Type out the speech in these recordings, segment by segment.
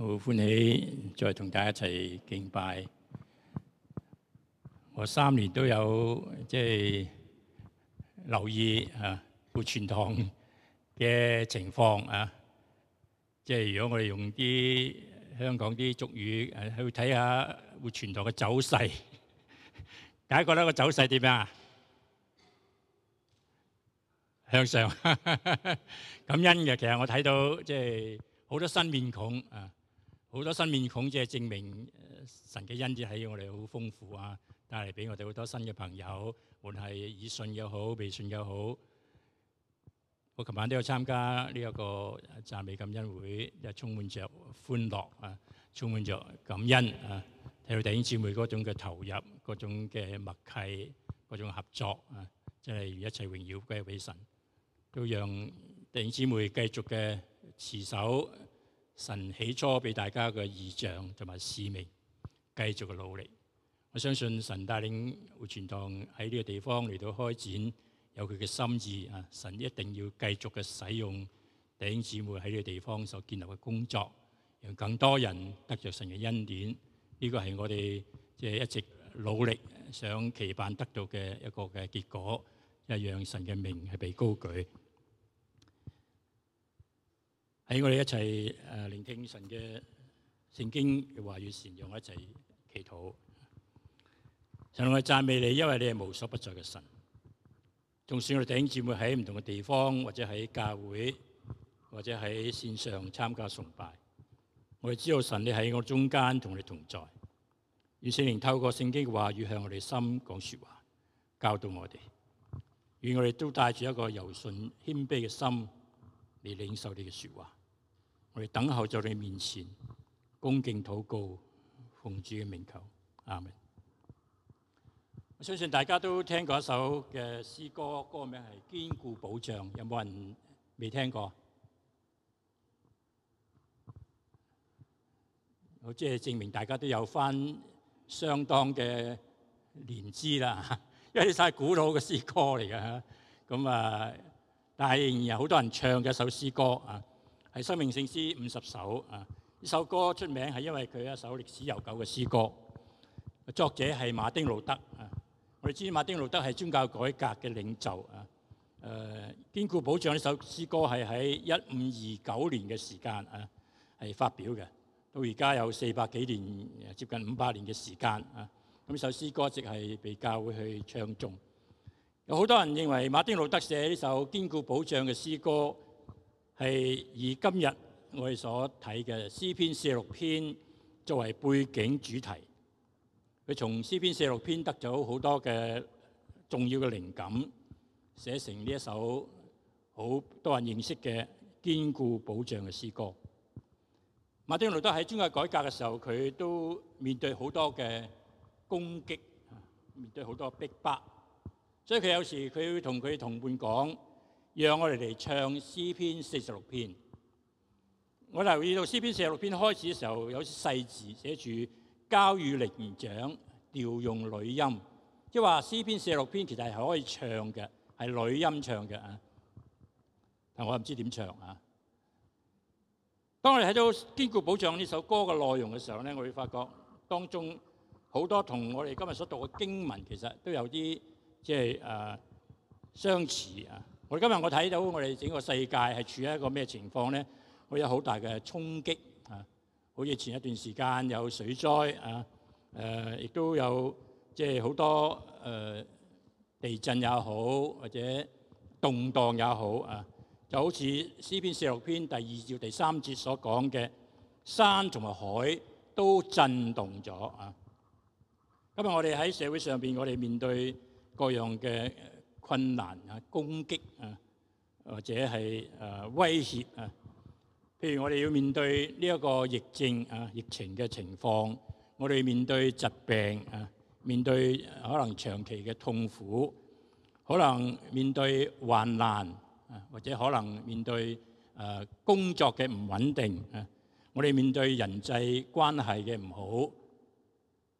好歡喜再同大家一齊敬拜。我三年都有即係留意吓活泉堂嘅情況啊，即係如果我哋用啲香港啲俗語誒，去睇下活泉堂嘅走勢，大家覺得個走勢點樣啊？向上，感恩嘅，其實我睇到即係好多新面孔啊！好多新面孔，即係證明神嘅恩典喺我哋好豐富啊！帶嚟俾我哋好多新嘅朋友，無論係以信又好，未信又好。我琴晚都有參加呢一個讚美感恩會，又充滿著歡樂啊，充滿著感恩啊！睇到弟兄姊妹嗰種嘅投入，嗰種嘅默契，嗰種合作啊，真係一切榮耀歸俾神，都讓弟兄姊妹繼續嘅持守。神起初俾大家嘅意象同埋使命，繼續嘅努力，我相信神帶領會傳道喺呢個地方嚟到開展，有佢嘅心意啊！神一定要繼續嘅使用弟兄姊妹喺呢個地方所建立嘅工作，讓更多人得着神嘅恩典。呢、這個係我哋即係一直努力想期盼得到嘅一個嘅結果，就係讓神嘅名係被高舉。喺我哋一齊誒聆聽神嘅聖經嘅話語時，讓我一齊祈禱。神，我哋讚美你，因為你係無所不在嘅神。就算我哋弟兄姊妹喺唔同嘅地方，或者喺教會，或者喺綫上參加崇拜，我哋知道神你喺我中間同我同在。而聖靈透過聖經嘅話語向我哋心講說話，教導我哋。願我哋都帶住一個柔順謙卑嘅心嚟領受你嘅說話。我哋等候在你面前，恭敬禱告，奉主嘅名求，阿門。我相信大家都聽過一首嘅詩歌，歌名係堅固保障。有冇人未聽過？好，即係證明大家都有翻相當嘅年資啦。因為呢首係古老嘅詩歌嚟嘅。咁啊，但係仍然有好多人唱嘅一首詩歌啊。係《生命聖詩五十首》啊！呢首歌出名係因為佢一首歷史悠久嘅詩歌，作者係馬丁路德啊！我哋知馬丁路德係宗教改革嘅領袖啊！誒，堅固保障呢首詩歌係喺一五二九年嘅時間啊，係發表嘅。到而家有四百幾年，接近五百年嘅時間啊！咁呢首詩歌一直係被教會去唱頌。有好多人認為馬丁路德寫呢首堅固保障嘅詩歌。係以今日我哋所睇嘅詩篇四六篇作為背景主題，佢從詩篇四六篇得咗好多嘅重要嘅靈感，寫成呢一首好多人認識嘅堅固保障嘅詩歌。馬丁路德都喺宗教改革嘅時候，佢都面對好多嘅攻擊，面對好多逼迫，所以佢有時佢會同佢同伴講。讓我哋嚟唱詩篇四十六篇。我留意到詩篇四十六篇開始嘅時候有啲細字寫住交與伶長調用女音，即係話詩篇四十六篇其實係可以唱嘅，係女音唱嘅啊。但我又唔知點唱啊。當我哋睇到堅固保障呢首歌嘅內容嘅時候咧，我會發覺當中好多同我哋今日所讀嘅經文其實都有啲即係誒相似啊。我今日我睇到我哋整個世界係處於一個咩情況咧？會有好大嘅衝擊啊！好似前一段時間有水災啊，誒亦都有即係好多誒地震也好，或者動盪也好啊，就好似詩篇四六篇第二至第三節所講嘅，山同埋海都震動咗啊！今日我哋喺社會上邊，我哋面對各樣嘅困難啊，攻擊啊，或者係誒、呃、威脅啊。譬如我哋要面對呢一個疫症啊、疫情嘅情況，我哋面對疾病啊，面對可能長期嘅痛苦，可能面對患難啊，或者可能面對誒、啊、工作嘅唔穩定啊。我哋面對人際關係嘅唔好，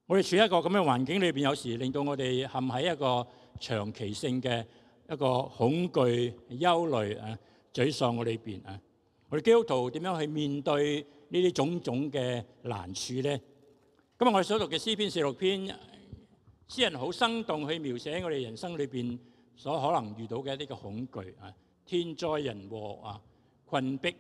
我哋處一個咁嘅環境裏邊，有時令到我哋陷喺一個。長期性嘅一個恐懼、憂慮、誒沮喪嘅裏邊啊，我哋基督徒點樣去面對呢啲種種嘅難處咧？今日我哋所讀嘅詩篇四六篇，詩人好生動去描寫我哋人生裏邊所可能遇到嘅一啲嘅恐懼啊，天災人禍啊，困迫、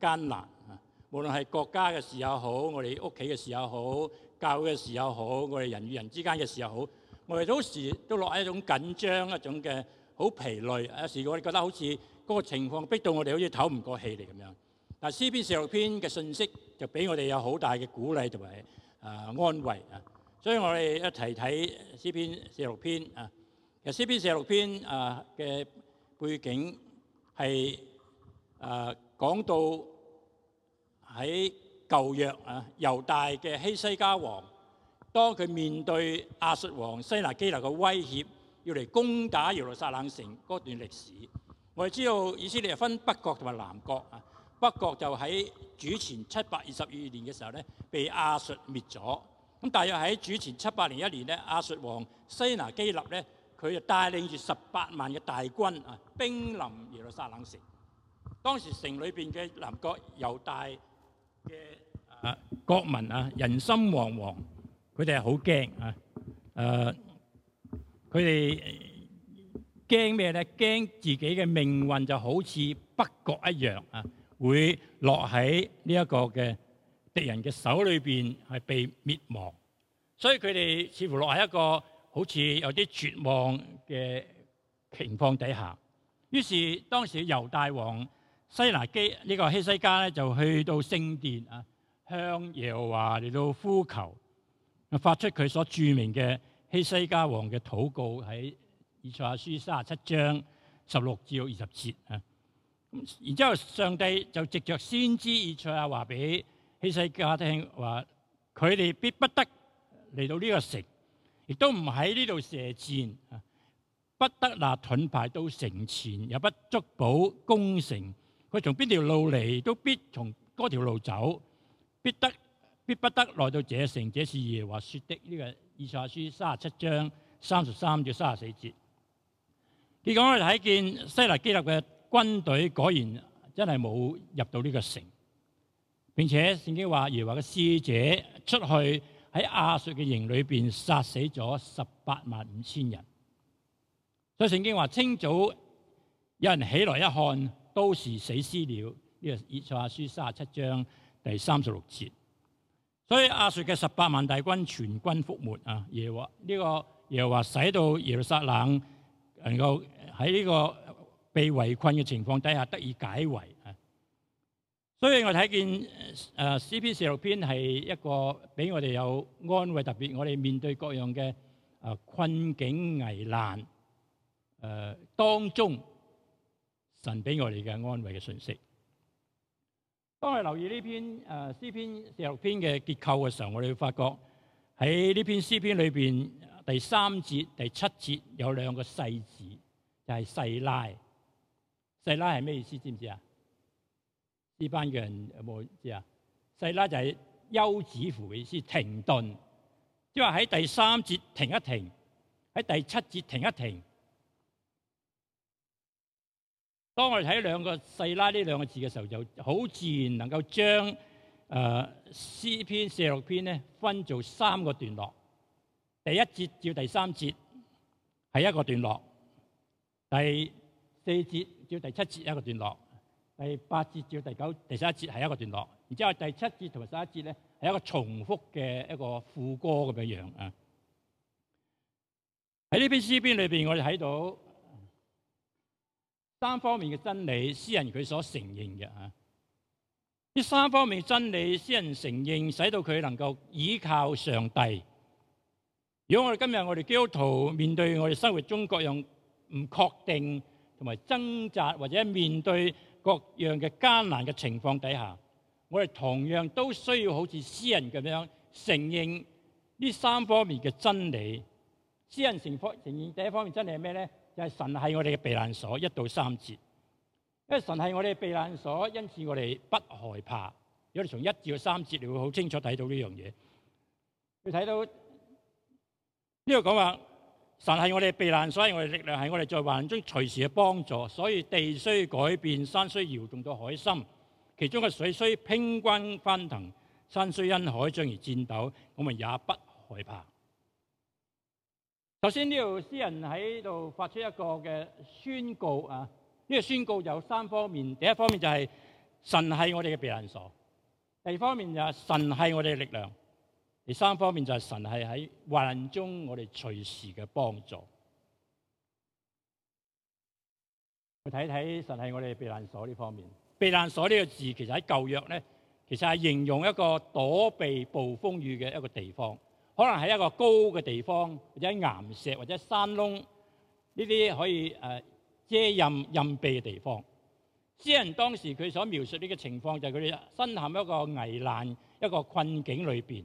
艱難啊，無論係國家嘅事也好，我哋屋企嘅事也好，教會嘅事也好，我哋人與人之間嘅事也好。我哋都時都落喺一種緊張、一種嘅好疲累，有時我哋覺得好似嗰個情況逼到我哋好似唞唔過氣嚟咁樣。但係，詩篇四六篇嘅信息就俾我哋有好大嘅鼓勵同埋啊安慰啊，所以我哋一齊睇詩篇四六篇啊，其實詩篇四六篇啊嘅背景係啊講到喺舊約啊猶大嘅希西家王。當佢面對亞述王西拿基立嘅威脅，要嚟攻打耶路撒冷城嗰段歷史，我哋知道，以色列就分北國同埋南國啊。北國就喺主前七百二十二年嘅時候咧，被亞述滅咗。咁大約喺主前七百零一年咧，亞述王西拿基立咧，佢就帶領住十八萬嘅大軍啊，兵臨耶路撒冷城。當時城裏邊嘅南國猶大嘅啊國民啊，人心惶惶。佢哋係好驚啊！誒，佢哋驚咩咧？驚自己嘅命運就好似北國一樣啊，會落喺呢一個嘅敵人嘅手裏邊係被滅亡，所以佢哋似乎落喺一個好似有啲絕望嘅情況底下。於是當時猶大王西拿基呢個希西家咧，就去到聖殿啊，向耶和華嚟到呼求。發出佢所著名嘅希西家王嘅禱告，喺以賽亞書三十七章十六至二十節啊。咁然之後，上帝就藉著先知以賽亞話俾希西家聽，話佢哋必不得嚟到呢個城，亦都唔喺呢度射箭，不得拿盾牌到城前，又不築保攻城。佢從邊條路嚟都必從嗰條路走，必得。必不得來到這城，這是耶和華說的。呢、這個以賽亞書三十七章三十三至三十四節，佢講我睇見西拿基立嘅軍隊果然真係冇入到呢個城。並且聖經話，耶和華嘅使者出去喺亞述嘅營裏邊殺死咗十八萬五千人。所以聖經話，清早有人起來一看，都是死屍了。呢、這個以賽亞書三十七章第三十六節。所以亞述嘅十八萬大軍全軍覆沒啊！耶和華呢個耶和華使到耶路撒冷能夠喺呢個被圍困嘅情況底下得以解圍啊！所以我睇見誒詩篇四六篇係一個俾我哋有安慰，特別我哋面對各樣嘅誒困境危難誒、呃、當中，神俾我哋嘅安慰嘅信息。當你留意呢篇誒詩、呃、篇四六篇嘅結構嘅時候，我哋會發覺喺呢篇詩篇裏邊第三節第七節有兩個細字，就係、是、細拉。細拉係咩意思？知唔知啊？呢班人有冇知啊？細拉就係休止符嘅意思是停頓，停頓。即係話喺第三節停一停，喺第七節停一停。當我哋睇兩個細拉，呢兩個字嘅時候，就好自然能夠將誒詩篇四六篇咧分做三個段落，第一節至第三節係一個段落，第四節至第七節一個段落，第八節至第九、第十一節係一個段落，然之後第七節同埋十一節咧係一個重複嘅一個副歌咁樣樣啊。喺呢篇詩篇裏邊，我哋睇到。三方面嘅真理，私人佢所承認嘅吓，呢、啊、三方面的真理，私人承認使到佢能夠倚靠上帝。如果我哋今日我哋基督徒面對我哋生活中各樣唔確定同埋掙扎，或者面對各樣嘅艱難嘅情況底下，我哋同樣都需要好似私人咁樣承認呢三方面嘅真理。私人承方承認第一方面的真理係咩咧？就係神係我哋嘅避難所一到三節，因為神係我哋嘅避難所，因此我哋不害怕。如果你從一至到三節，你會好清楚睇到呢樣嘢。你睇到呢、這個講話，神係我哋嘅避難所，我哋力量係我哋在患難中隨時嘅幫助，所以地雖改變，山雖搖動到海心，其中嘅水雖匉訇翻騰，山雖因海漲而戰抖，我們也不害怕。首先呢度，詩人喺度發出一個嘅宣告啊！呢個宣告有三方面。第一方面就係神係我哋嘅避難所；第二方面就係神係我哋嘅力量；第三方面就係神係喺患難中我哋隨時嘅幫助。去睇睇神係我哋避難所呢方面。避難所呢個字其實喺舊約咧，其實係形容一個躲避暴風雨嘅一個地方。可能喺一個高嘅地方，或者岩石，或者山窿呢啲可以誒遮蔭蔭蔽嘅地方。詩人當時佢所描述呢個情況就係佢哋身陷一個危難、一個困境裏面。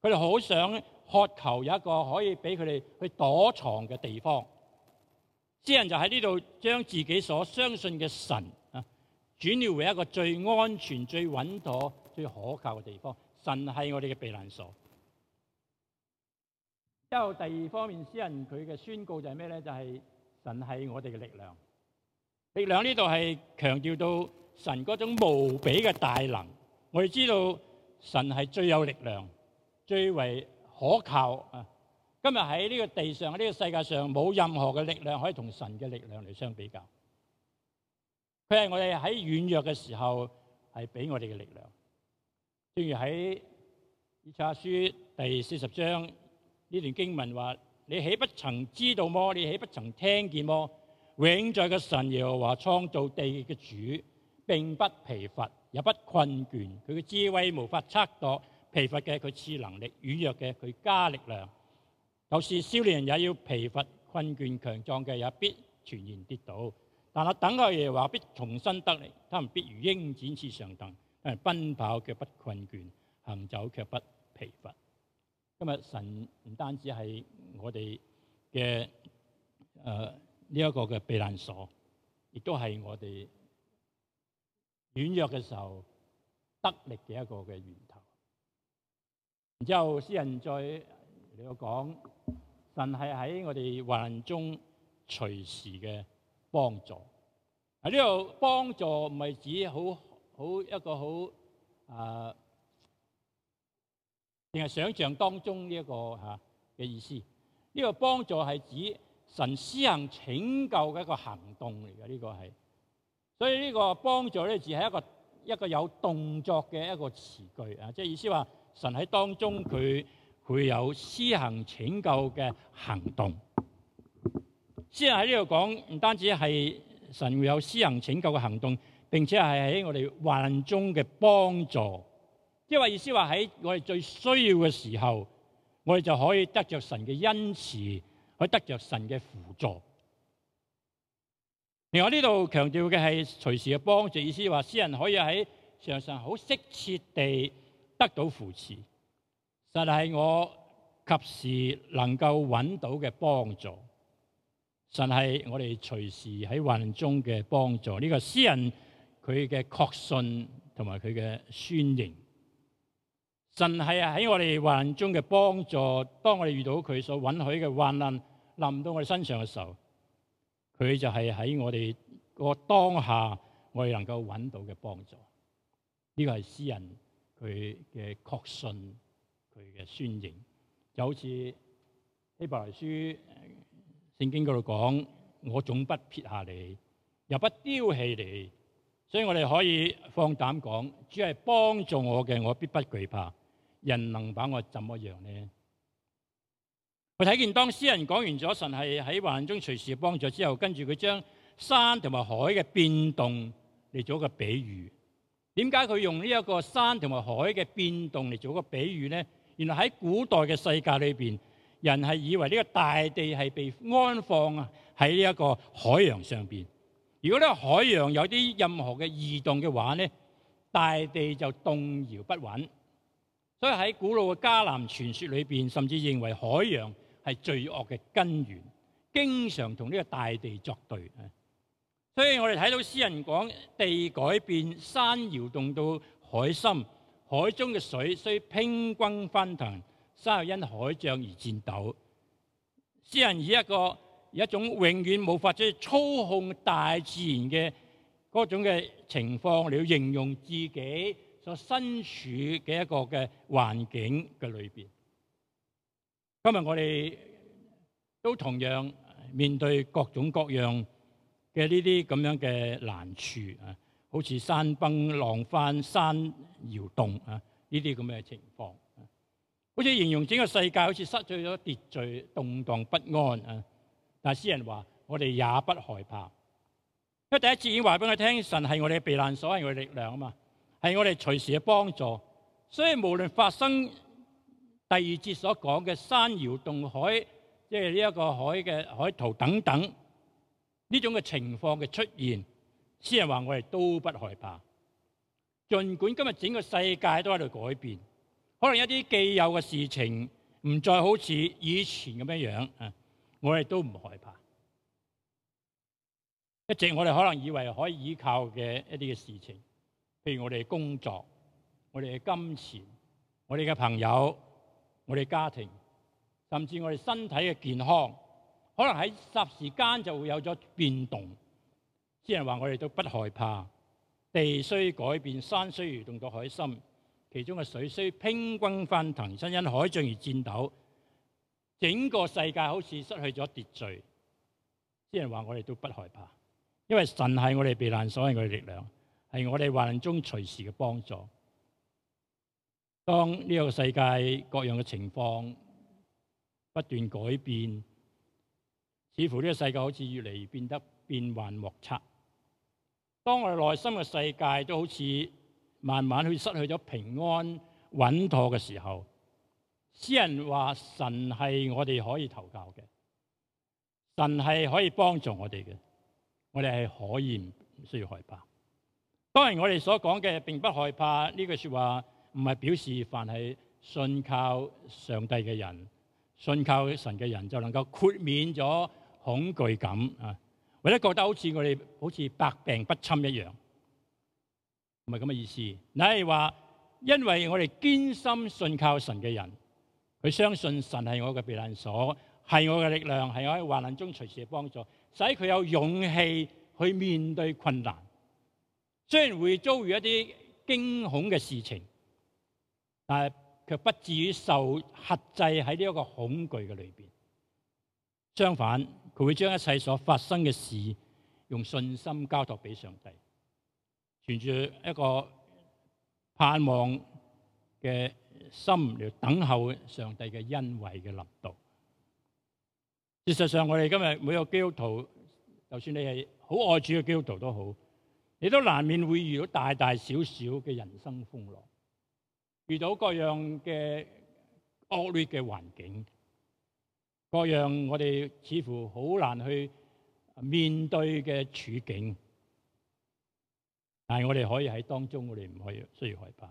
佢哋好想渴求有一個可以俾佢哋去躲藏嘅地方。詩人就喺呢度將自己所相信嘅神啊轉變為一個最安全、最穩妥、最可靠嘅地方。神係我哋嘅避難所。之後第二方面，詩人佢嘅宣告就係咩咧？就係、是、神係我哋嘅力量。力量呢度係強調到神嗰種無比嘅大能。我哋知道神係最有力量、最為可靠啊！今日喺呢個地上，呢個世界上，冇任何嘅力量可以同神嘅力量嚟相比較。佢係我哋喺軟弱嘅時候，係俾我哋嘅力量。正如喺以賽亞書第四十章。呢段經文話：你豈不曾知道麼？你豈不曾聽見麼？永在嘅神，耶和華創造地嘅主，並不疲乏，也不困倦。佢嘅智慧無法測度，疲乏嘅佢賜能力，軟弱嘅佢加力量。有、就是少年人也要疲乏困倦，強壯嘅也必全然跌倒。但係等佢耶和華必重新得力，他們必如鷹展翅上騰，誒奔跑卻不困倦，行走卻不疲乏。今日神唔單止係我哋嘅誒呢一個嘅避難所，亦都係我哋軟弱嘅時候得力嘅一個嘅源頭。然之後詩人再嚟講，神係喺我哋患難中隨時嘅幫助。喺呢度幫助唔係指好好一個好誒。呃定係想象當中呢一個嚇嘅意思，呢個幫助係指神施行拯救嘅一個行動嚟嘅，呢個係。所以呢個幫助咧，只係一個一個有動作嘅一個詞句啊，即係意思話神喺當中佢會有施行拯救嘅行動。先喺呢度講，唔單止係神會有施行拯救嘅行動，並且係喺我哋患中嘅幫助。即係話意思，話喺我哋最需要嘅時候，我哋就可以得着神嘅恩慈，可以得着神嘅輔助。另外呢度強調嘅係隨時嘅幫助，意思話，詩人可以喺上神好適切地得到扶持。神係我及時能夠揾到嘅幫助，神係我哋隨時喺患中嘅幫助。呢、這個詩人佢嘅確信同埋佢嘅宣認。神係啊，喺我哋患難中嘅幫助，當我哋遇到佢所允許嘅患難臨到我哋身上嘅時候，佢就係喺我哋個當下，我哋能夠揾到嘅幫助。呢個係詩人佢嘅確信，佢嘅宣認，就好似希伯來書聖經嗰度講：我總不撇下你，又不丟棄你，所以我哋可以放膽講：主係幫助我嘅，我必不懼怕。人能把我怎麼樣呢？我睇見當詩人講完咗神係喺患難中隨時幫助之後，跟住佢將山同埋海嘅變動嚟，做一個比喻。點解佢用呢一個山同埋海嘅變動嚟，做一個比喻呢？原來喺古代嘅世界裏邊，人係以為呢個大地係被安放啊，喺呢一個海洋上邊。如果呢個海洋有啲任何嘅移動嘅話呢，大地就動搖不穩。所以喺古老嘅迦南傳說裏面，甚至認為海洋係罪惡嘅根源，經常同呢個大地作對啊！所以我哋睇到詩人講地改變、山搖動到海深，海中嘅水雖匉訇翻騰，山又因海漲而戰抖。詩人以一個以一種永遠冇法子操控大自然嘅嗰種嘅情況嚟形容自己。就身處嘅一個嘅環境嘅裏邊，今日我哋都同樣面對各種各樣嘅呢啲咁樣嘅難處啊，好似山崩、浪翻、山搖動啊，呢啲咁嘅情況啊，好似形容整個世界好似失去咗秩序、動盪不安啊。但係詩人話：我哋也不害怕，因為第一次已經話俾佢聽，神係我哋嘅避難所，係我哋嘅力量啊嘛。係我哋隨時嘅幫助，所以無論發生第二節所講嘅山搖動海，即係呢一個海嘅海濤等等，呢種嘅情況嘅出現，先係話我哋都不害怕。儘管今日整個世界都喺度改變，可能一啲既有嘅事情唔再好似以前咁樣樣啊，我哋都唔害怕。一直我哋可能以為可以依靠嘅一啲嘅事情。譬如我哋工作，我哋嘅金錢，我哋嘅朋友，我哋家庭，甚至我哋身體嘅健康，可能喺霎時間就會有咗變動。雖然話我哋都不害怕，地雖改變，山雖移動到海深，其中嘅水雖匉訇翻騰，山因海漲而顫抖，整個世界好似失去咗秩序。雖然話我哋都不害怕，因為神係我哋避難所，係我哋力量。係我哋患難中隨時嘅幫助。當呢個世界各樣嘅情況不斷改變，似乎呢個世界好似越嚟越變得變幻莫測。當我哋內心嘅世界都好似慢慢去失去咗平安穩妥嘅時候，詩人話：神係我哋可以投靠嘅，神係可以幫助我哋嘅，我哋係可以唔需要害怕。當然，我哋所講嘅並不害怕呢句說話，唔係表示凡係信靠上帝嘅人，信靠神嘅人就能夠豁免咗恐懼感啊，或者覺得好似我哋好似百病不侵一樣，唔係咁嘅意思。你係話，因為我哋堅心信靠神嘅人，佢相信神係我嘅避難所，係我嘅力量，係我喺患難中隨時嘅幫助，使佢有勇氣去面對困難。雖然會遭遇一啲驚恐嘅事情，但係卻不至於受克制喺，呢一個恐懼嘅裏邊。相反，佢會將一切所發生嘅事用信心交託俾上帝，存住一個盼望嘅心嚟等候上帝嘅恩惠嘅臨到。事實上，我哋今日每個基督徒，就算你係好愛主嘅基督徒都好，你都難免會遇到大大小小嘅人生風浪，遇到各樣嘅惡劣嘅環境，各樣我哋似乎好難去面對嘅處境。但係我哋可以喺當中，我哋唔可以需要害怕。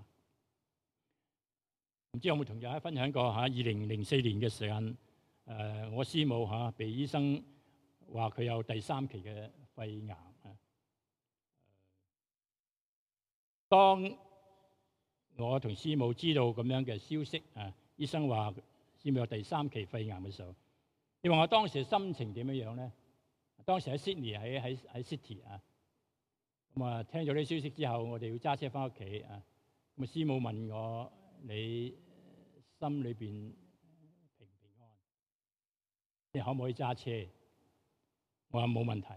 唔知有冇同大家分享過吓？二零零四年嘅時間，誒，我師母吓被醫生話佢有第三期嘅肺癌。當我同師母知道咁樣嘅消息啊，醫生話師母有第三期肺癌嘅時候，你問我當時嘅心情點樣樣咧？當時喺 Sydney 喺喺喺 City 啊，咁啊聽咗啲消息之後，我哋要揸車翻屋企啊。咁啊，師母問我，你心裏邊平平安？你可唔可以揸車？我話冇問題，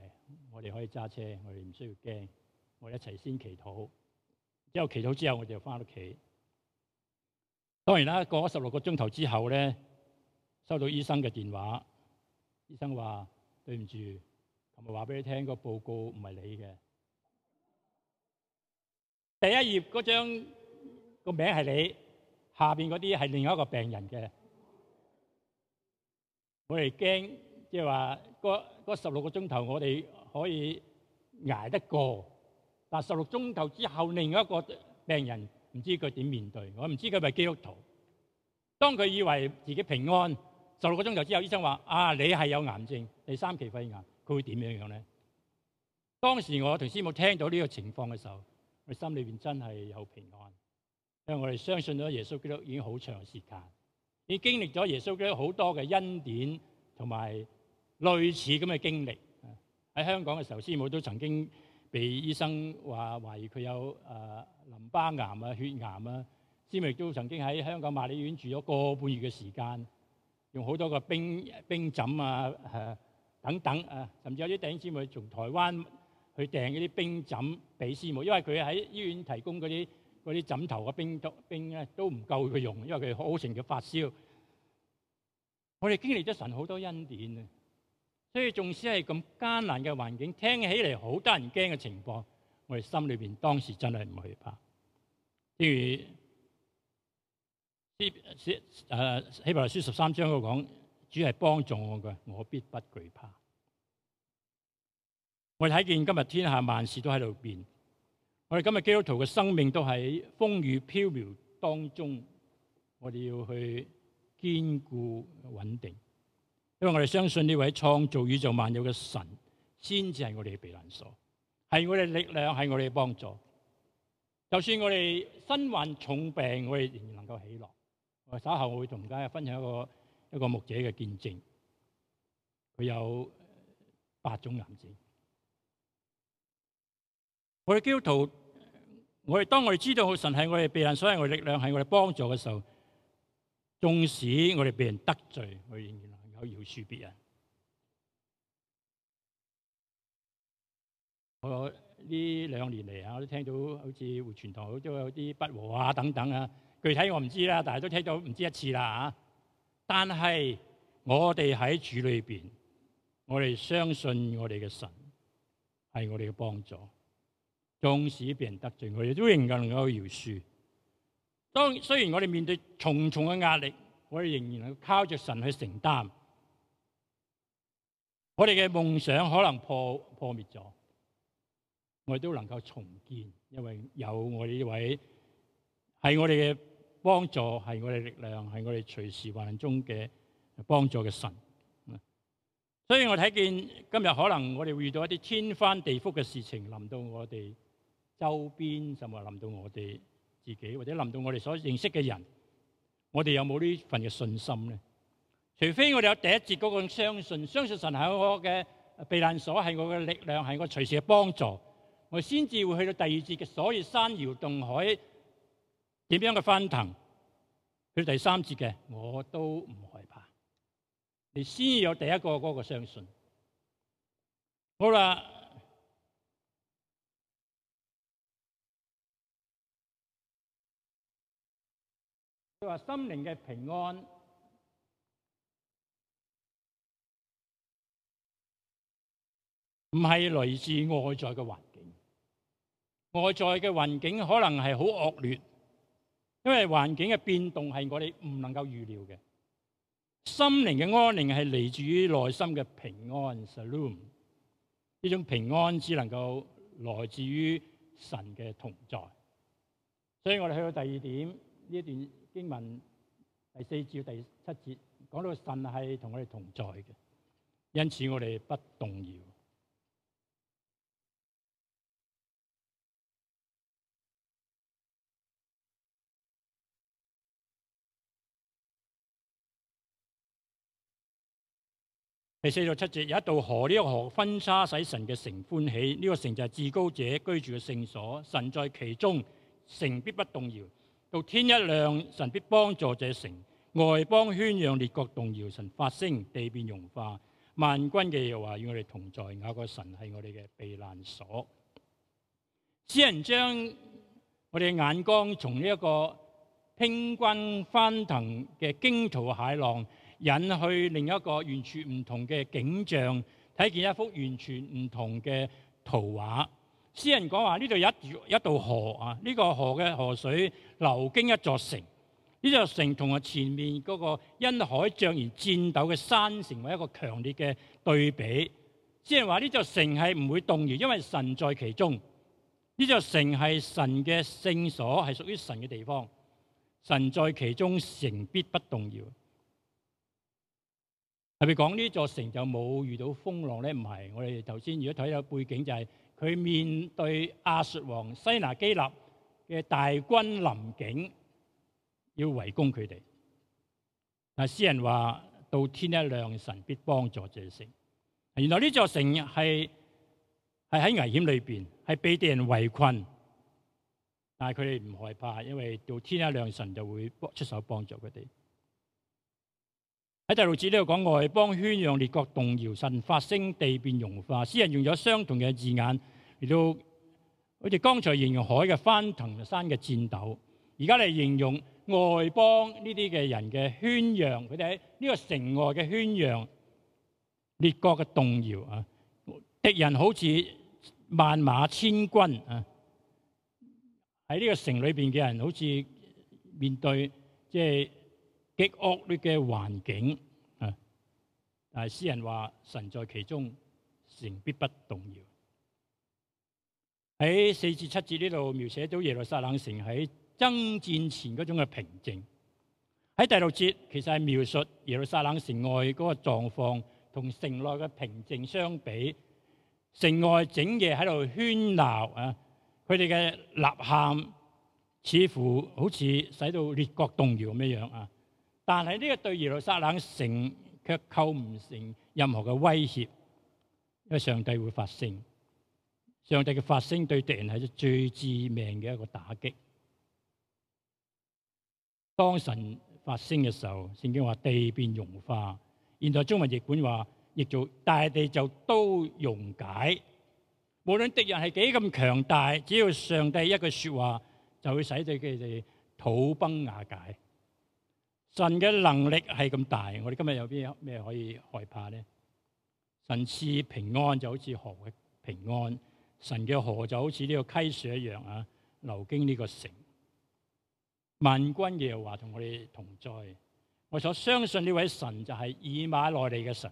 我哋可以揸車，我哋唔需要驚，我哋一齊先祈禱。之後祈禱之後，我哋就翻屋企。當然啦，過咗十六個鐘頭之後咧，收到醫生嘅電話，醫生話：對唔住，琴日話俾你聽個報告唔係你嘅，第一頁嗰張個名係你，下面嗰啲係另一個病人嘅。我哋驚，即係話嗰十六個鐘頭，我哋可以捱得過。嗱，十六鐘頭之後，另一個病人唔知佢點面對，我唔知佢係咪基督徒。當佢以為自己平安，十六個鐘頭之後，醫生話：啊，你係有癌症，第三期肺癌，佢會點樣樣咧？當時我同師母聽到呢個情況嘅時候，我心裏邊真係有平安，因為我哋相信咗耶穌基督已經好長時間，你經歷咗耶穌基督好多嘅恩典同埋類似咁嘅經歷。喺香港嘅時候，師母都曾經，被醫生話懷疑佢有誒、呃、淋巴癌啊、血癌啊，師母都曾經喺香港瑪麗醫院住咗個半月嘅時間，用好多個冰冰枕啊、誒、啊、等等啊，甚至有啲弟兄姊妹從台灣去訂嗰啲冰枕俾師母，因為佢喺醫院提供嗰啲嗰啲枕頭嘅冰、冰都冰咧都唔夠佢用，因為佢好成日發燒。我哋經歷咗神好多恩典啊！所以，縱使係咁艱難嘅環境，聽起嚟好得人驚嘅情況，我哋心裏邊當時真係唔去怕。譬如《希伯來書》十三章佢講：主係幫助我嘅，我必不懼怕。我哋睇見今日天,天下萬事都喺度變，我哋今日基督徒嘅生命都喺風雨飄渺當中，我哋要去堅固穩定。因為我哋相信呢位創造宇宙萬有嘅神，先至係我哋嘅避難所，係我哋力量，係我哋嘅幫助。就算我哋身患重病，我哋仍然能夠起落。我稍後我會同大家分享一個一個牧者嘅見證，佢有八種癌症。我哋基督徒，我哋當我哋知道神係我哋避難所，係我哋力量，係我哋幫助嘅時候，縱使我哋被人得罪，我可以去饒恕別人。我呢兩年嚟啊，我都聽到好似回傳堂好都有啲不和啊、等等啊，具體我唔知啦，但係都聽到唔止一次啦啊。但係我哋喺主裏邊，我哋相信我哋嘅神係我哋嘅幫助，縱使別人得罪我哋，都仍然能夠饒恕。當雖然我哋面對重重嘅壓力，我哋仍然能靠着神去承擔。我哋嘅夢想可能破破滅咗，我哋都能夠重建，因為有我哋呢位係我哋嘅幫助，係我哋力量，係我哋隨時患難中嘅幫助嘅神。所以我睇見今日可能我哋會遇到一啲天翻地覆嘅事情臨到我哋周邊，甚至話臨到我哋自己，或者臨到我哋所認識嘅人，我哋有冇呢份嘅信心咧？除非我哋有第一節嗰個相信，相信神係我嘅避難所，係我嘅力量，係我隨時嘅幫助，我先至會去到第二節嘅，所以山搖動海點樣嘅翻騰，去到第三節嘅我都唔害怕。你先有第一個嗰個相信。好啦，佢話心靈嘅平安，唔係來自外在嘅環境，外在嘅環境可能係好惡劣，因為環境嘅變動係我哋唔能夠預料嘅。心靈嘅安寧係嚟自於內心嘅平安 Shalom，呢種平安，只能夠來自於神嘅同在。所以我哋去到第二點呢一段經文第四至第七節，講到神係同我哋同在嘅，因此我哋不動搖。第四到七節，有一道河，呢個河分叉，使神嘅城歡喜。呢、這個城就係至高者居住嘅聖所，神在其中，城必不動搖。到天一亮，神必幫助這城。外邦圈讓列國動搖，神發聲，地變融化，萬軍嘅又話與我哋同在，有一個神係我哋嘅避難所。詩人將我哋眼光從呢一個兵軍翻騰嘅驚濤駭浪，引去另一個完全唔同嘅景象，睇見一幅完全唔同嘅圖畫。詩人講話：呢度有一一道河啊，呢、這個河嘅河水流經一座城。呢座城同啊前面嗰個因海漲而戰鬥嘅山，成為一個強烈嘅對比。詩人話：呢座城係唔會動搖，因為神在其中。呢座城係神嘅聖所，係屬於神嘅地方。神在其中，城必不動搖。特別講呢座城就冇遇到風浪咧？唔係，我哋頭先如果睇下背景，就係佢面對亞述王西拿基立嘅大軍臨境，要圍攻佢哋。嗱，詩人話：到天一亮，神必幫助這城。原來呢座城係係喺危險裏邊，係俾啲人圍困，但係佢哋唔害怕，因為到天一亮，神就會出手幫助佢哋。喺第六節呢度講，外邦喧嚷，列國動搖，神發聲，地便融化。詩人用咗相同嘅字眼嚟到，好似剛才形容海嘅翻騰山嘅戰抖，而家嚟形容外邦呢啲嘅人嘅喧嚷，佢哋喺呢個城外嘅喧嚷、列國嘅動搖啊，敵人好似萬馬千軍啊，喺呢個城裏邊嘅人好似面對即係。極惡劣嘅環境啊！但係詩人話：神在其中，城必不動搖。喺四至七節呢度描寫到耶路撒冷城喺爭戰前嗰種嘅平靜。喺第六節，其實係描述耶路撒冷城外嗰個狀況，同城內嘅平靜相比，城外整夜喺度喧鬧啊！佢哋嘅吶喊似乎好似使到列國動搖咁樣啊！但係呢個對耶路撒冷城卻構唔成任何嘅威脅，因為上帝會發聲，上帝嘅發聲對敵人係最致命嘅一個打擊。當神發聲嘅時候，聖經話地變融化，現代中文譯本話，亦做大地就都溶解。無論敵人係幾咁強大，只要上帝一句說話，就會使到佢哋土崩瓦解。神嘅能力係咁大，我哋今日有邊咩可以害怕咧？神賜平安就好似河嘅平安，神嘅河就好似呢個溪水一樣啊，流經呢個城。萬君耶和華同我哋同在，我所相信呢位神就係以馬內利嘅神，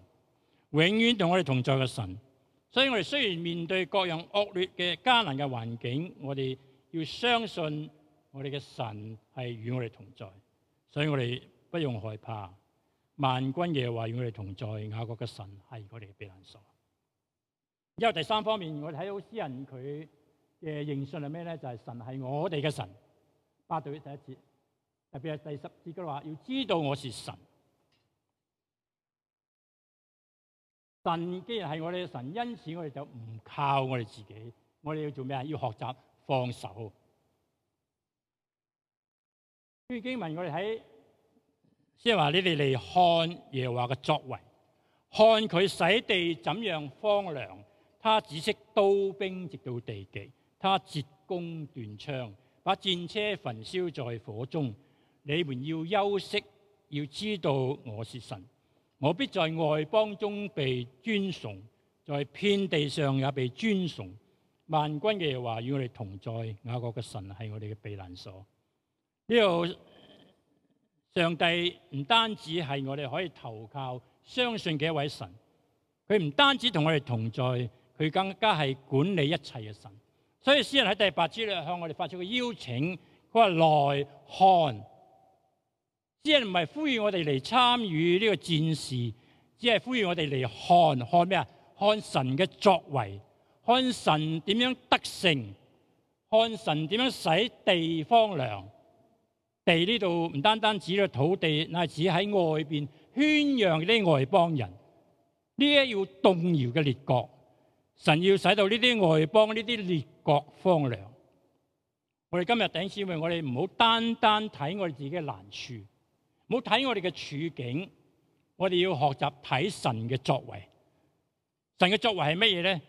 永遠同我哋同在嘅神。所以我哋雖然面對各樣惡劣嘅艱難嘅環境，我哋要相信我哋嘅神係與我哋同在。所以我哋。不用害怕，萬軍耶和華與我哋同在亞國。雅各嘅神係我哋嘅避難所。因為第三方面，我哋睇到詩人佢嘅認信係咩咧？就係、是、神係我哋嘅神。八隊第一節特別係第十節嘅話，要知道我是神，神既然係我哋嘅神，因此我哋就唔靠我哋自己。我哋要做咩啊？要學習放手。於經文，我哋喺即係話你哋嚟，看耶華嘅作為，看佢使地怎樣荒涼，他止息刀兵直到地極，他折弓斷槍，把戰車焚燒在火中。你們要休息，要知道我是神，我必在外邦中被尊崇，在遍地上也被尊崇。萬軍耶華與我哋同在，雅各嘅神係我哋嘅避難所。呢度。上帝唔單止係我哋可以投靠、相信嘅一位神，佢唔單止同我哋同在，佢更加係管理一切嘅神。所以詩人喺第八節咧向我哋發出個邀請，佢話，來，來，來看。詩人唔係呼籲我哋嚟參與呢個戰事，只係呼籲我哋嚟看看咩啊？看神嘅作為，看神點樣得勝，看神點樣使地方涼。地呢度唔單單指咗土地，乃指喺外邊圈養啲外邦人。呢一要動搖嘅列國，神要使到呢啲外邦、呢啲列國荒涼。我哋今日頂先，我哋唔好單單睇我哋自己嘅難處，唔好睇我哋嘅處境，我哋要學習睇神嘅作為。神嘅作為係乜嘢咧？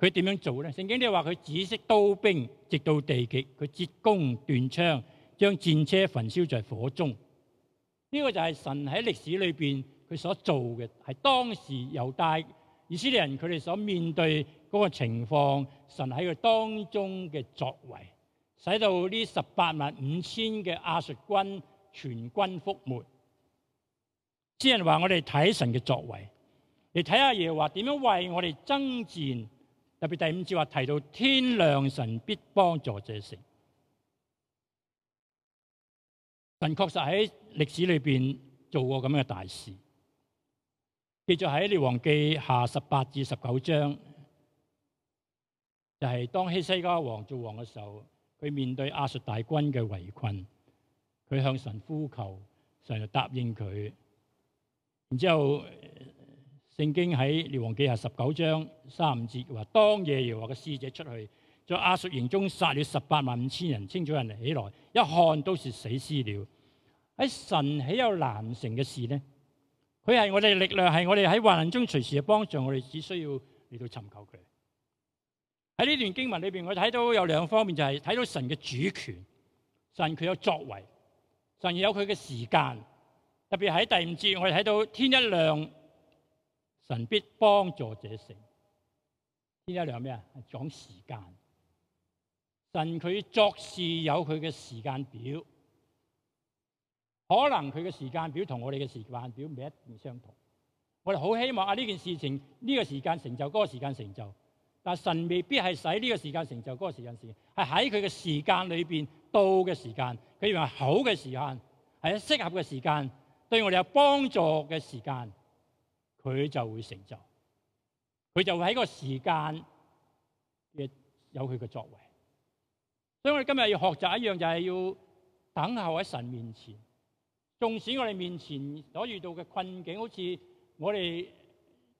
佢點樣做咧？聖經都話佢止息刀兵，直到地極，佢折弓斷槍。將戰車焚燒在火中，呢、這個就係神喺歷史裏邊佢所做嘅，係當時猶大以色列人佢哋所面對嗰個情況，神喺佢當中嘅作為，使到呢十八萬五千嘅亞述軍全軍覆沒。先人話我哋睇神嘅作為，你睇下耶和華點樣為我哋爭戰，特別第五節話提到天亮神必幫助這城。神確實喺歷史裏邊做過咁樣嘅大事。記住喺《列王記》下十八至十九章，就係當希西家王做王嘅時候，佢面對亞述大軍嘅圍困，佢向神呼求，神就答應佢。然之後聖經喺《列王記》下十九章三五節話：當夜，耶和華嘅使者出去。在亞述營中殺了十八萬五千人，清早人起來，一看都是死屍了。喺神豈有難成嘅事呢？佢係我哋力量，係我哋喺患難中隨時嘅幫助，我哋只需要嚟到尋求佢。喺呢段經文裏邊，我睇到有兩方面，就係、是、睇到神嘅主權，神佢有作為，神有佢嘅時間。特別喺第五節，我哋睇到天一亮，神必幫助這城。天一亮咩啊？是講時間。但佢作事有佢嘅時間表，可能佢嘅時間表同我哋嘅時間表唔一定相同。我哋好希望啊呢件事情呢、呢個時間成就、嗰個時間成就，但神未必係使呢個時間成就、嗰個時間事，係喺佢嘅時間裏邊到嘅時間，佢認為好嘅時間係喺適合嘅時間對我哋有幫助嘅時間，佢就會成就，佢就會喺個時間嘅有佢嘅作為。所以我哋今日要學習一樣，就係、是、要等候喺神面前。縱使我哋面前所遇到嘅困境，好似我哋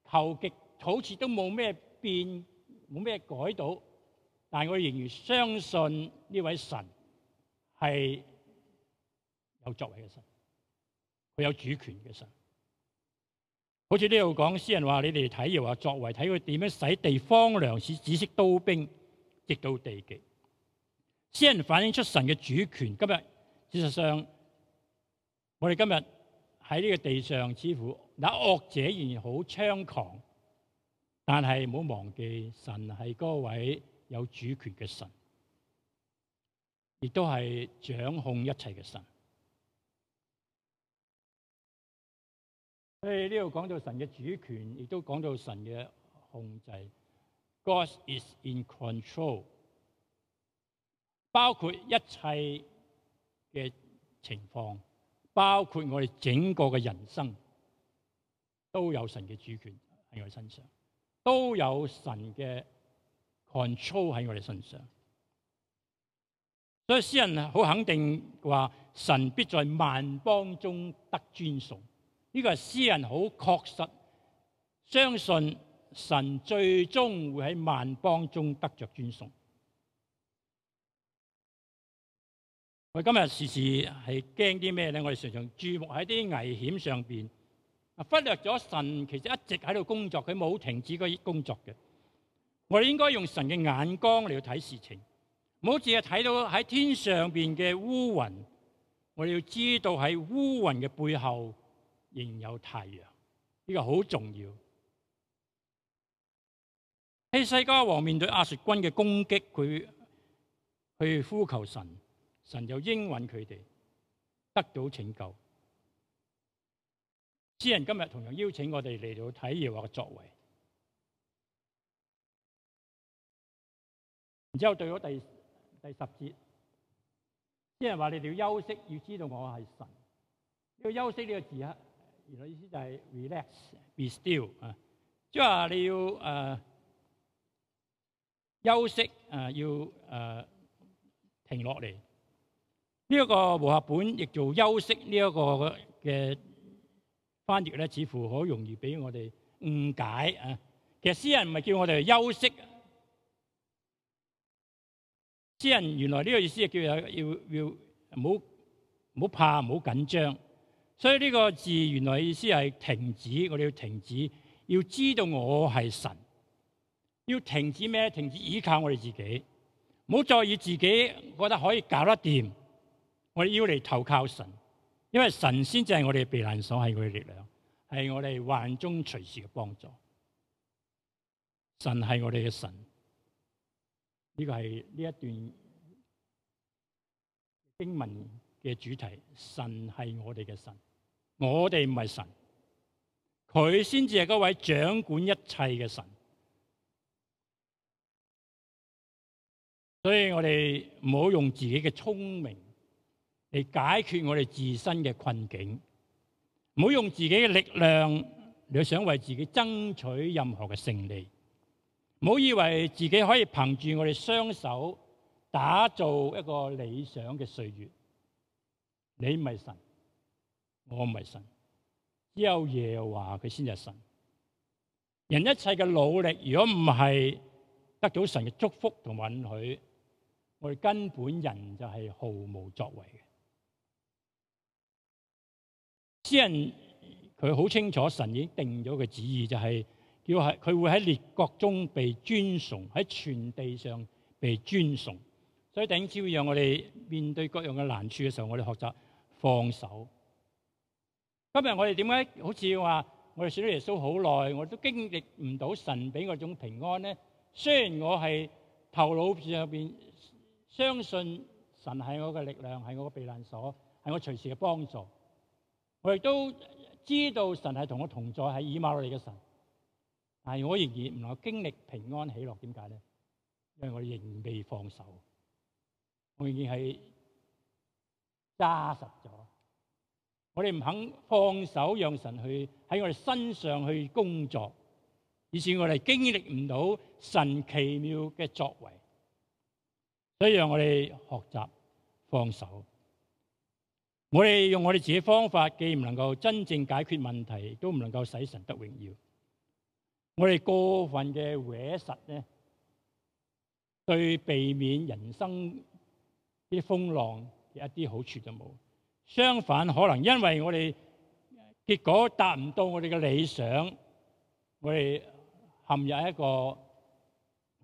求極，好似都冇咩變，冇咩改到，但我哋仍然相信呢位神係有作為嘅神，佢有主權嘅神。好似呢度講詩人話：你哋睇，又話作為睇佢點樣使地荒涼，止息刀兵，直到地極。先反映出神嘅主權。今日事實上，我哋今日喺呢個地上，似乎那惡者仍然好猖狂。但係唔好忘記，神係嗰位有主權嘅神，亦都係掌控一切嘅神。所以呢度講到神嘅主權，亦都講到神嘅控制。God is in control。包括一切嘅情況，包括我哋整個嘅人生，都有神嘅主權喺我哋身上，都有神嘅 control 喺我哋身上。所以詩人好肯定話，神必在萬邦中得尊崇。呢個係詩人好確實相信神最終會喺萬邦中得着尊崇。我今日時時係驚啲咩咧？我哋常常注目喺啲危險上邊，忽略咗神其實一直喺度工作，佢冇停止嗰啲工作嘅。我哋應該用神嘅眼光嚟去睇事情，唔好只係睇到喺天上邊嘅烏雲，我哋要知道喺烏雲嘅背後仍有太陽，呢個好重要。希西家王面對亞述軍嘅攻擊，佢去呼求神。神就應允佢哋得到拯救。詩人今日同樣邀請我哋嚟到睇耶和華嘅作為。然之後到咗第第十節，詩人話：你哋要休息，要知道我係神。呢個休息呢個字啊，原來意思就係 relax, be still 啊，即係話你要誒、呃、休息誒，要、呃、誒、呃、停落嚟。呢一個和合本亦做休息，呢一個嘅翻譯咧，似乎好容易俾我哋誤解啊。其實詩人唔係叫我哋休息，詩人原來呢個意思係叫要要唔好唔好怕，唔好緊張。所以呢個字原來嘅意思係停止，我哋要停止，要知道我係神，要停止咩？停止依靠我哋自己，唔好在意自己覺得可以搞得掂。我哋要嚟投靠神，因為神先至係我哋避難所，係佢嘅力量，係我哋患中隨時嘅幫助。神係我哋嘅神，呢個係呢一段經文嘅主題。神係我哋嘅神，我哋唔係神，佢先至係嗰位掌管一切嘅神。所以我哋唔好用自己嘅聰明。嚟解決我哋自身嘅困境，唔好用自己嘅力量，你想為自己爭取任何嘅勝利，唔好以為自己可以憑住我哋雙手打造一個理想嘅歲月。你唔係神，我唔係神，只有耶和華佢先係神。人一切嘅努力，如果唔係得到神嘅祝福同允許，我哋根本人就係毫無作為嘅。詩人佢好清楚，神已經定咗個旨意，就係要係佢會喺列國中被尊崇，喺全地上被尊崇。所以頂住，讓我哋面對各樣嘅難處嘅時候，我哋學習放手。今日我哋點解好似話我哋信咗耶穌好耐，我都經歷唔到神俾我這種平安咧？雖然我係頭腦入邊相信神係我嘅力量，係我嘅避難所，係我隨時嘅幫助。我亦都知道神係同我同在，係以馬內利嘅神，但係我仍然唔能夠經歷平安喜樂，點解咧？因為我哋仍未放手，我已經係揸實咗。我哋唔肯放手，讓神去喺我哋身上去工作，以致我哋經歷唔到神奇妙嘅作為。所以讓我哋學習放手。我哋用我哋自己方法，既唔能夠真正解決問題，都唔能夠使神得榮耀。我哋過分嘅搲實咧，對避免人生啲風浪的一啲好處都冇。相反，可能因為我哋結果達唔到我哋嘅理想，我哋陷入一個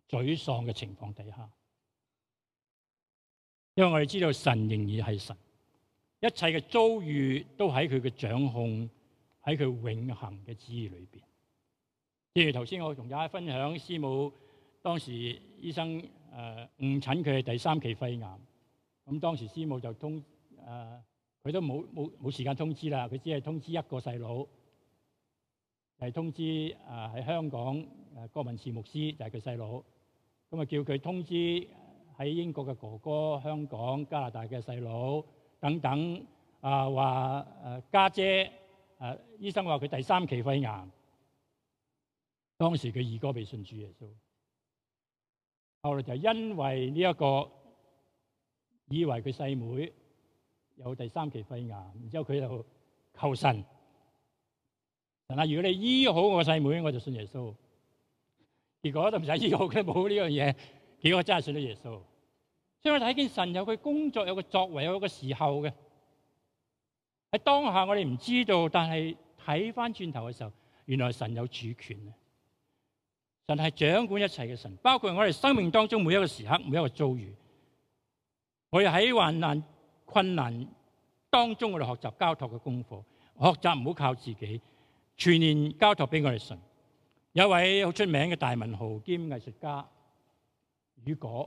沮喪嘅情況底下。因為我哋知道神仍然係神。一切嘅遭遇都喺佢嘅掌控，喺佢永恒嘅旨意裏邊。正如頭先我同大家分享，師母當時醫生誒誤診佢係第三期肺癌，咁、嗯、當時師母就通誒，佢、呃、都冇冇冇時間通知啦，佢只係通知一個細佬，係通知誒喺、呃、香港誒郭文慈牧師就係佢細佬，咁啊叫佢通知喺英國嘅哥哥、香港、加拿大嘅細佬。等等啊，話誒家姐誒、呃、醫生話佢第三期肺癌，當時佢二哥未信主耶穌，後來就因為呢、這、一個以為佢細妹，妹有第三期肺癌，然之後佢就求神，但嗱如果你醫好我細妹，妹，我就信耶穌。結果都唔使醫好，佢冇呢樣嘢，結果真係信咗耶穌。所以我睇見神有佢工作，有佢作為，有佢時候嘅。喺當下我哋唔知道，但係睇翻轉頭嘅時候，原來神有主權啊！神係掌管一切嘅神，包括我哋生命當中每一個時刻，每一個遭遇。我哋喺患難、困難當中，我哋學習交託嘅功課，學習唔好靠自己，全年交託俾我哋神。有一位好出名嘅大文豪兼藝術家如果。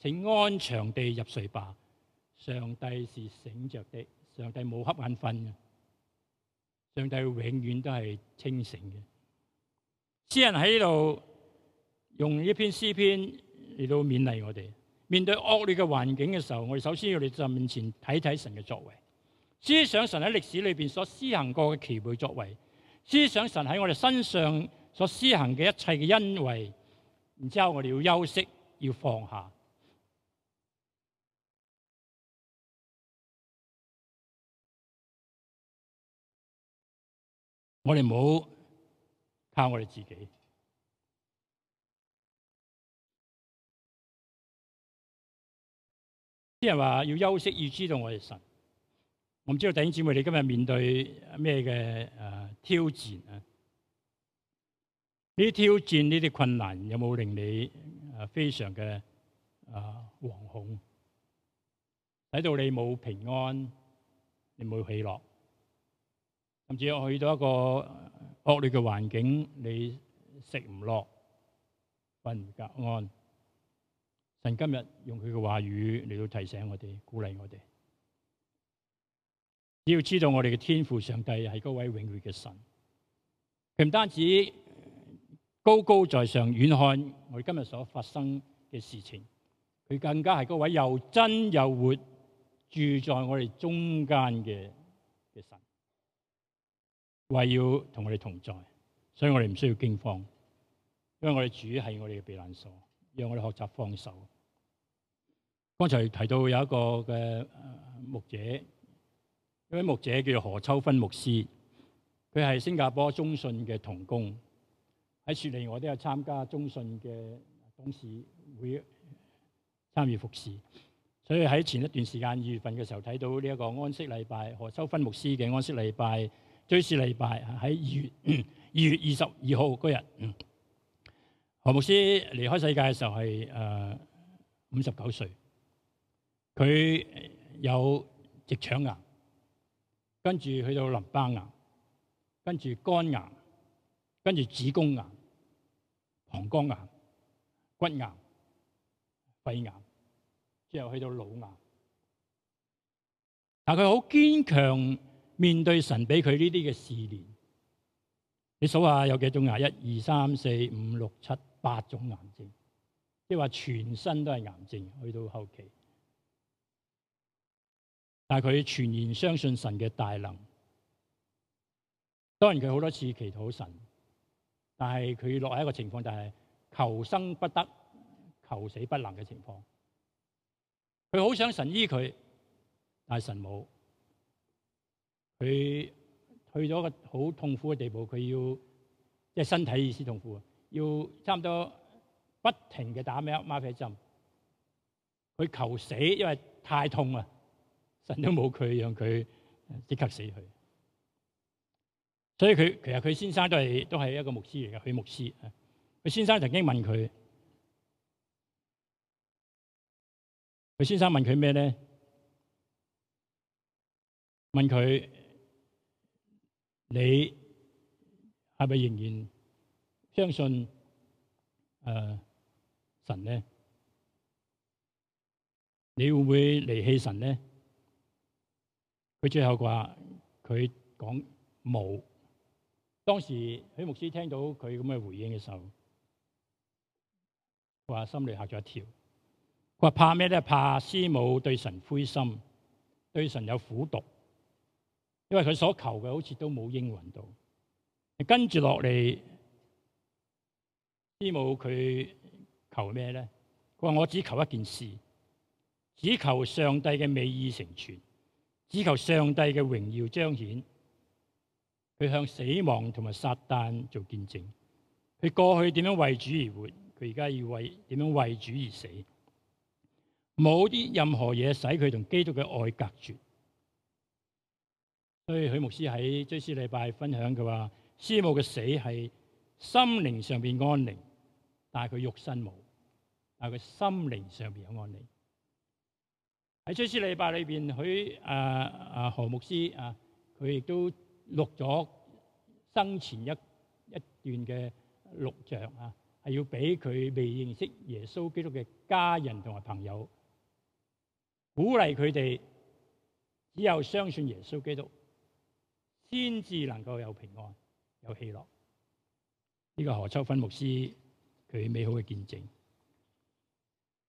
請安詳地入睡吧。上帝是醒着的，上帝冇瞌眼瞓嘅，上帝永遠都係清醒嘅。詩人喺呢度用一篇詩篇嚟到勉勵我哋，面對惡劣嘅環境嘅時候，我哋首先要嚟就面前睇睇神嘅作為，在歷思想神喺歷史裏邊所施行過嘅奇美作為，思想神喺我哋身上所施行嘅一切嘅恩惠。然之後，我哋要休息，要放下。我哋唔好靠我哋自己。啲人話要休息，要知道我哋神。我唔知道弟兄姊妹你今日面對咩嘅誒挑戰啊？呢啲挑戰呢啲困難有冇令你誒非常嘅誒、啊、惶恐，使到你冇平安，你冇喜樂。甚至我去到一個惡劣嘅環境，你食唔落、瞓唔覺安。神今日用佢嘅話語嚟到提醒我哋，鼓勵我哋。只要知道我哋嘅天父上帝係嗰位永遠嘅神。佢唔單止高高在上遠看我哋今日所發生嘅事情，佢更加係嗰位又真又活、住在我哋中間嘅嘅神。話要同我哋同在，所以我哋唔需要驚慌，因為我哋主係我哋嘅避難所，讓我哋學習放手。剛才提到有一個嘅牧者，一位牧者叫做何秋芬牧師，佢係新加坡中信嘅同工，喺雪梨我都有參加中信嘅董事會參與服侍，所以喺前一段時間二月份嘅時候睇到呢一個安息禮拜何秋芬牧師嘅安息禮拜。最是禮拜喺二月二月二十二號嗰日，何牧師離開世界嘅時候係誒五十九歲，佢有直腸癌，跟住去到淋巴癌，跟住肝癌，跟住子宮癌、膀胱癌、骨癌、肺癌，之後去到腦癌。但佢好堅強。面對神俾佢呢啲嘅試煉，你數下有幾多種癌？一二三四五六七八種癌症，即係話全身都係癌症，去到後期。但係佢全然相信神嘅大能。當然佢好多次祈禱神，但係佢落喺一個情況就係、是、求生不得、求死不能嘅情況。佢好想神醫佢，但係神冇。佢去咗個好痛苦嘅地步，佢要即係身體意思痛苦啊，要差唔多不停嘅打嗎啡針，佢求死，因為太痛啊，神都冇佢，讓佢即刻死去。所以佢其實佢先生都係都係一個牧師嚟嘅，佢牧師啊。佢先生曾經問佢，佢先生問佢咩咧？問佢。你係咪仍然相信、呃、神呢？你會唔會離棄神呢？佢最後話佢講冇。當時許牧師聽到佢咁嘅回應嘅時候，話心裏吓咗一跳。佢話怕咩咧？怕師母對神灰心，對神有苦毒。因為佢所求嘅好似都冇應允到，跟住落嚟，師母佢求咩咧？佢話，我只求一件事，只求上帝嘅美意成全，只求上帝嘅榮耀彰顯。佢向死亡同埋撒旦做見證，佢過去點樣為主而活，佢而家要為點樣為主而死，冇啲任何嘢使佢同基督嘅愛隔絕。所以許牧師喺追思禮拜分享嘅話，師母嘅死係心靈上邊安寧，但係佢肉身冇，但係佢心靈上邊有安寧。喺追思禮拜裏邊，許啊啊何牧師啊，佢亦都錄咗生前一一段嘅錄像啊，係要俾佢未認識耶穌基督嘅家人同埋朋友，鼓勵佢哋只有相信耶穌基督，先至能夠有平安、有喜樂。呢、這個何秋芬牧師佢美好嘅見證，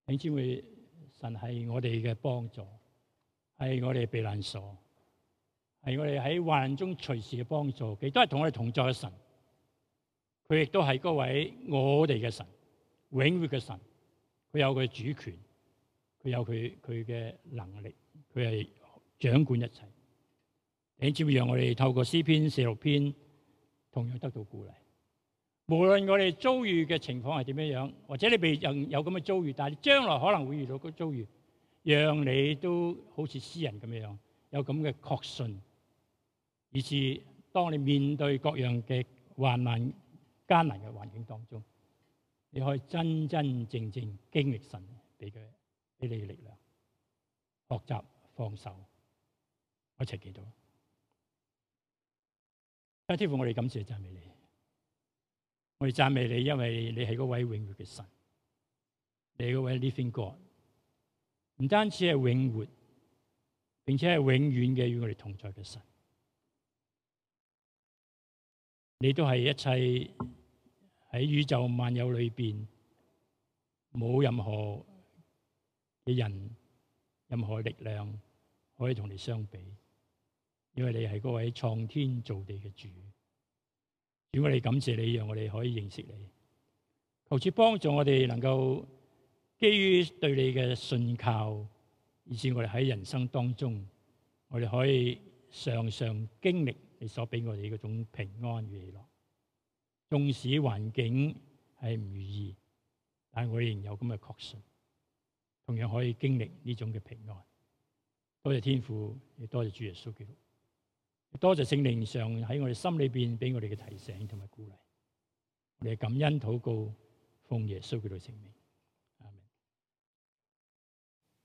請知會神係我哋嘅幫助，係我哋避難所，係我哋喺患難中隨時嘅幫助。佢都係同我哋同在嘅神，佢亦都係嗰位我哋嘅神，永活嘅神。佢有佢主權，佢有佢佢嘅能力，佢係掌管一切。你只會讓我哋透過詩篇四六篇，同樣得到鼓勵。無論我哋遭遇嘅情況係點樣樣，或者你未有有咁嘅遭遇，但係將來可能會遇到嘅遭遇，讓你都好似詩人咁樣樣，有咁嘅確信。以致當你面對各樣嘅患難、艱難嘅環境當中，你可以真真正正經歷神俾佢俾你嘅力量，學習放手。我一齊記到。天父，我哋感謝讚美你。我哋讚美你，因為你係嗰位永活嘅神，你係嗰位 Living God，唔單止係永活，並且係永遠嘅與我哋同在嘅神。你都係一切喺宇宙萬有裏邊冇任何嘅人、任何力量可以同你相比。因為你係嗰位創天造地嘅主，如果你感謝你讓我哋可以認識你，求主幫助我哋能夠基於對你嘅信靠，以至我哋喺人生當中，我哋可以常常經歷你所俾我哋嗰種平安與喜樂。縱使環境係唔如意，但我仍有咁嘅確信，同樣可以經歷呢種嘅平安。多謝天父，亦多謝主耶穌基督多謝聖靈上喺我哋心裏邊俾我哋嘅提醒同埋鼓勵，我哋感恩禱告，奉耶穌基督聖名。